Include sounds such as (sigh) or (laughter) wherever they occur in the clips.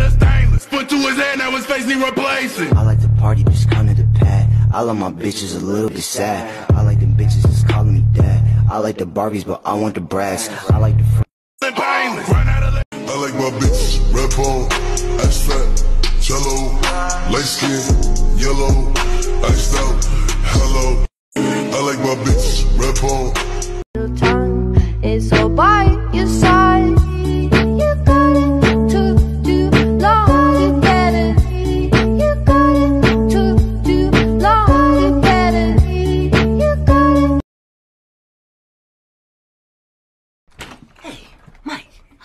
that stainless. Put to his head, now his face need replacing. I like the party, just come to the pad. I love my bitches a little bit sad. I like them bitches just calling me dad. I like the Barbies, but I want the brass. I like the. Painless. I like my bitches red bone, ice fat, jello, light skin, yellow, iced out, hello. I like my bitches red bone.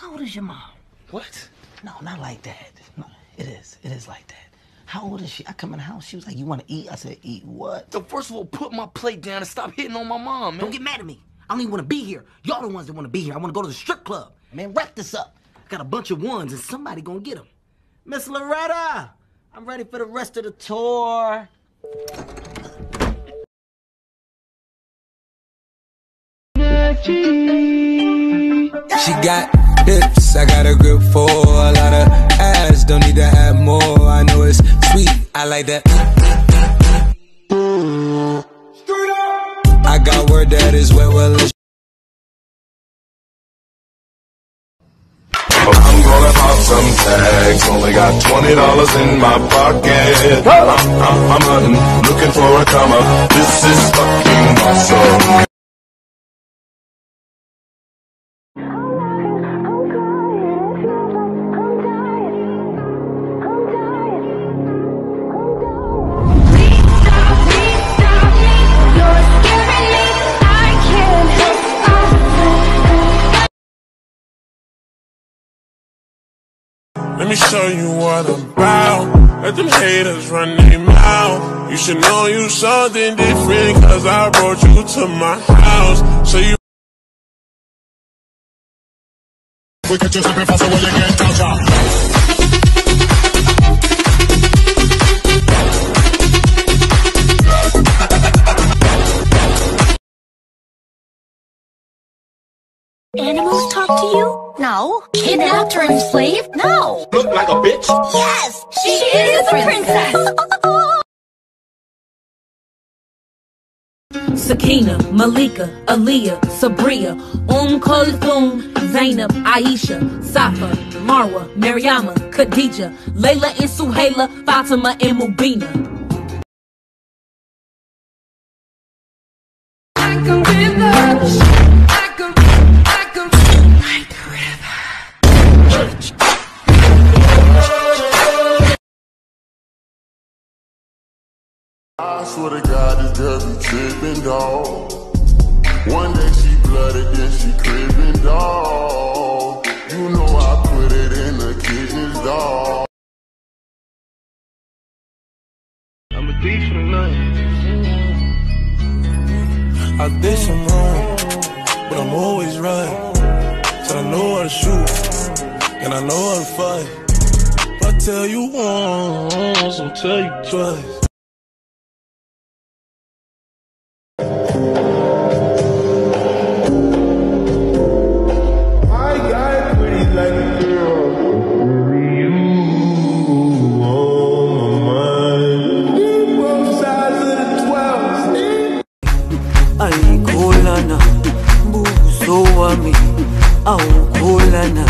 How old is your mom? What? No, not like that. No, it is. It is like that. How old is she? I come in the house. She was like, "You want to eat?" I said, "Eat what?" So first of all, put my plate down and stop hitting on my mom. Man. Don't get mad at me. I don't even want to be here. Y'all the ones that want to be here. I want to go to the strip club. Man, wrap this up. I got a bunch of ones, and somebody gonna get them. Miss Loretta, I'm ready for the rest of the tour. She got hips. I got a grip for a lot of ass. Don't need to add more. I know it's sweet. I like that. I got word that is wet. Well, I'm gonna pop some tags. Only got twenty dollars in my pocket. I'm, I'm, I'm hunting, looking for a comma. This is fucking awesome. Let me show you what I'm about. Let them haters run their mouth. You should know you something different, cause I brought you to my house. So you We could do something faster when you get closer. Animals talk to you? No. Kidnapped or enslaved? No. Look like a bitch? Yes! She, she is, is, a princess! princess. (laughs) Sakina, Malika, Aaliyah, Sabria, Um Kulthum, Zainab, Aisha, Safa, Marwa, Mariama, Khadija, Layla and Suhaila, Fatima and Mubina. I swear to God, this girl be trippin', dawg. One day she blooded, then she cribbin', dawg. You know I put it in the kitchen, dawg. I'm a thief for nothing. I did some wrong, but I'm always right. So I know how to shoot, and I know how to fight. If I tell you once, I'll tell you twice. aukulana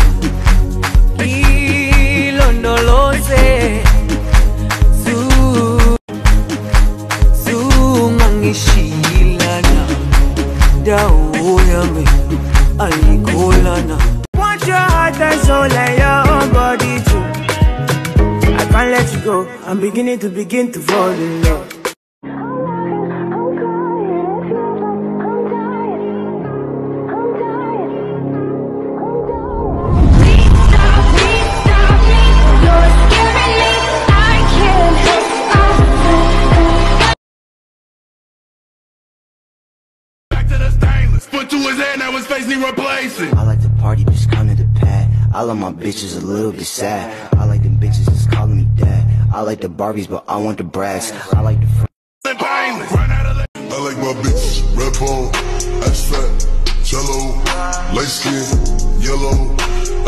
want your heart and soul and your own body too I can't let you go I'm beginning to begin to fall in love now his face need replacing. I like to party, bitch, come to the pad. I love my bitches a little bit sad. I like them bitches just calling me dad. I like the Barbies, but I want the brass. I like the. I like my bitches red bone, ice fat, jello, light skin, yellow,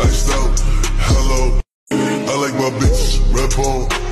iced out, hello. I like my bitches red bone.